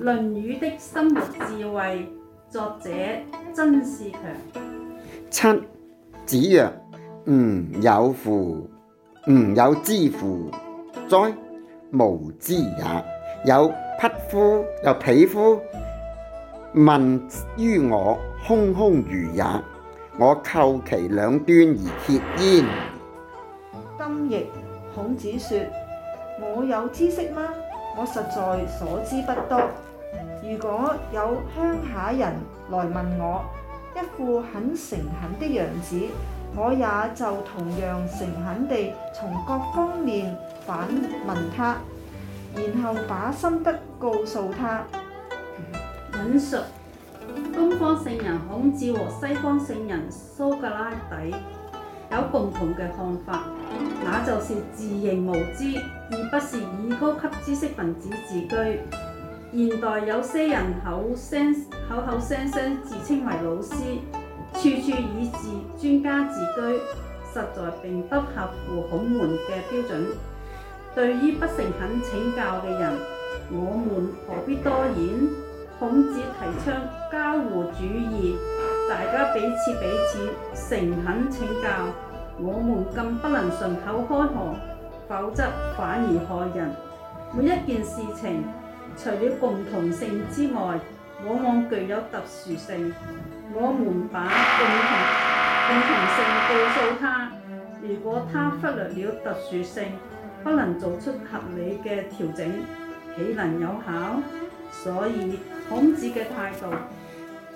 《論語》的生活智慧，作者曾仕強。七子曰：吾有，有乎？吾有知乎哉？無知也。有匹夫，有匹夫。問於我，空空如也。我叩其兩端而竭焉。今譯孔子說：我有知識嗎？我實在所知不多。如果有鄉下人來問我，一副很誠懇的樣子，我也就同樣誠懇地從各方面反問他，然後把心得告訴他。引述東方聖人孔子和西方聖人蘇格拉底有共同嘅看法，那就是自認無知，而不是以高級知識分子自居。現代有些人口聲口口聲聲自稱為老師，處處以自專家自居，實在並不合乎孔門嘅標準。對於不誠懇請教嘅人，我們何必多言？孔子提倡交互主義，大家彼此彼此誠懇請教，我們更不能順口開河，否則反而害人。每一件事情，除了共同性之外，往往具有特殊性。我們把共同共同性告訴他，如果他忽略了特殊性，不能做出合理嘅調整，豈能有效？所以孔子嘅態度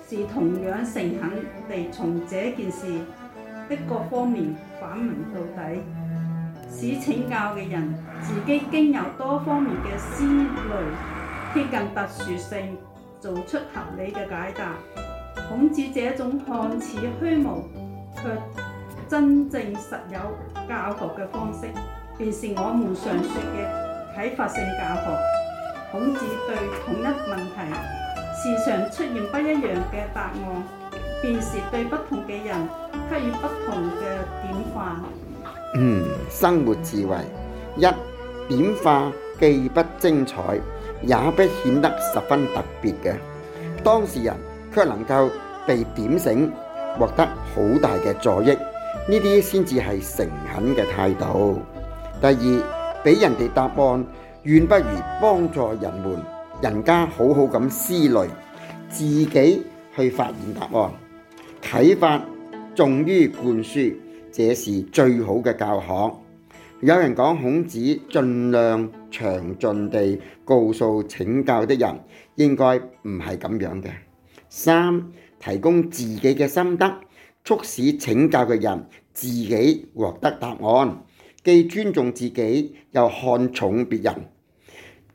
是同樣誠懇地從這件事的各方面反問到底，使請教嘅人自己經由多方面嘅思慮。接近特殊性，做出合理嘅解答。孔子這種看似虛無却真正實有教學嘅方式，便是我們常說嘅啟發性教學。孔子對同一問題時常出現不一樣嘅答案，便是對不同嘅人給予不同嘅點化。嗯，生活智慧一點化既不精彩。也不顯得十分特別嘅，當事人卻能夠被點醒，獲得好大嘅助益，呢啲先至係誠懇嘅態度。第二，俾人哋答案，遠不如幫助人們，人家好好咁思慮，自己去發現答案。啟發重於灌輸，這是最好嘅教學。有人講孔子盡量詳盡地告訴請教的人，應該唔係咁樣嘅。三，提供自己嘅心得，促使請教嘅人自己獲得答案，既尊重自己又看重別人，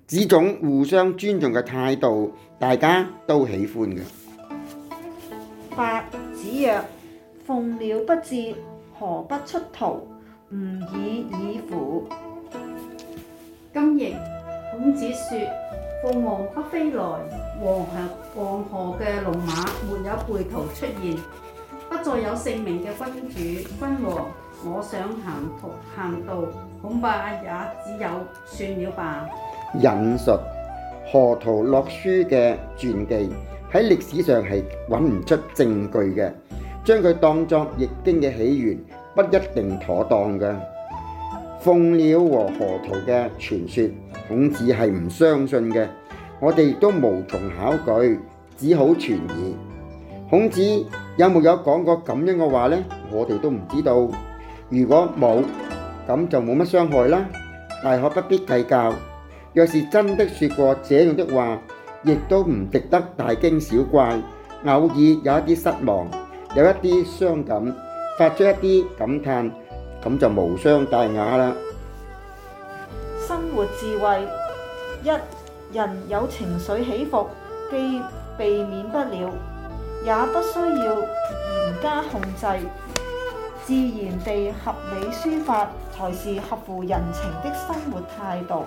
這種互相尊重嘅態度，大家都喜歡嘅。八，子曰：鳳鳥不至，河不出圖？吾已矣乎！今譯孔子說：鳳凰不飛來，黃河黃河嘅龍馬沒有背圖出現，不再有聖明嘅君主君王。我想行途行道，恐怕也只有算了吧。引述河圖洛書嘅傳記喺歷史上係揾唔出證據嘅，將佢當作易經嘅起源。不一定妥當嘅，鳳鳥和河圖嘅傳說，孔子係唔相信嘅，我哋都無從考據，只好存疑。孔子有冇有講過咁樣嘅話呢？我哋都唔知道。如果冇，咁就冇乜傷害啦，大可不必計較。若是真的說過這樣的話，亦都唔值得大驚小怪。偶爾有一啲失望，有一啲傷感。發出一啲感嘆，咁就無傷大雅啦。生活智慧一，人有情緒起伏，既避免不了，也不需要嚴加控制，自然地合理抒發，才是合乎人情的生活態度。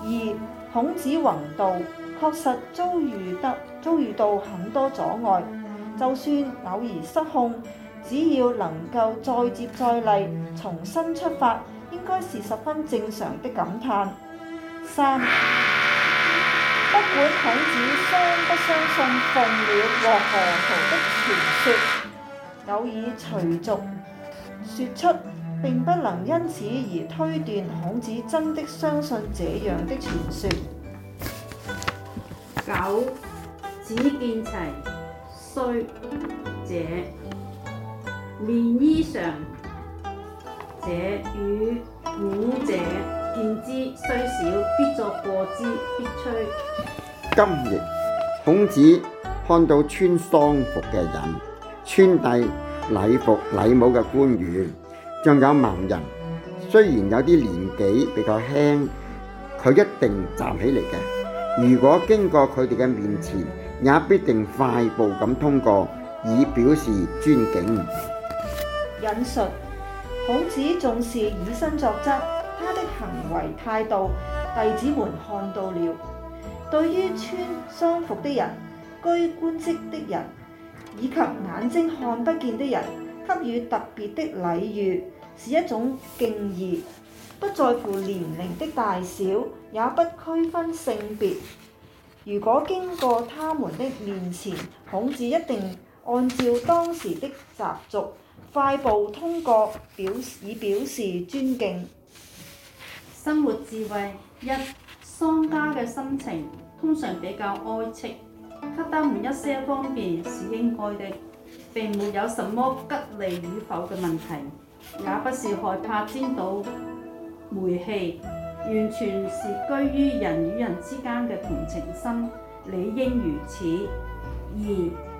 二，孔子弘道確實遭遇得遭遇到很多阻礙，就算偶爾失控，只要能夠再接再厲，重新出發，應該是十分正常的感嘆。三，不管孔子相不相信鳳鳥和河圖的傳說，偶爾隨俗說出，並不能因此而推斷孔子真的相信這樣的傳說。九，子見齊衰者。冕衣裳者與瞽者見之，雖少，必作過之必，必趨。今日孔子看到穿喪服嘅人，穿戴禮服禮、禮帽嘅官員，仲有盲人，雖然有啲年紀比較輕，佢一定站起嚟嘅。如果經過佢哋嘅面前，也必定快步咁通過，以表示尊敬。引述孔子重視以身作則，他的行為態度，弟子們看到了。對於穿喪服的人、居官職的人以及眼睛看不見的人，給予特別的禮遇，是一種敬意。不在乎年齡的大小，也不區分性別。如果經過他們的面前，孔子一定按照當時的習俗。快步通過，表示，以表示尊敬。生活智慧一，喪家嘅心情通常比較哀戚，給他們一些方便是應該的。並沒有什麼吉利與否嘅問題，也不是害怕沾到煤氣，完全是居於人與人之間嘅同情心，理應如此。二。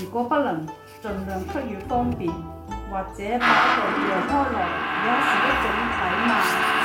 如果不能，盡量給予方便，或者把佢讓開來，也是一種禮貌。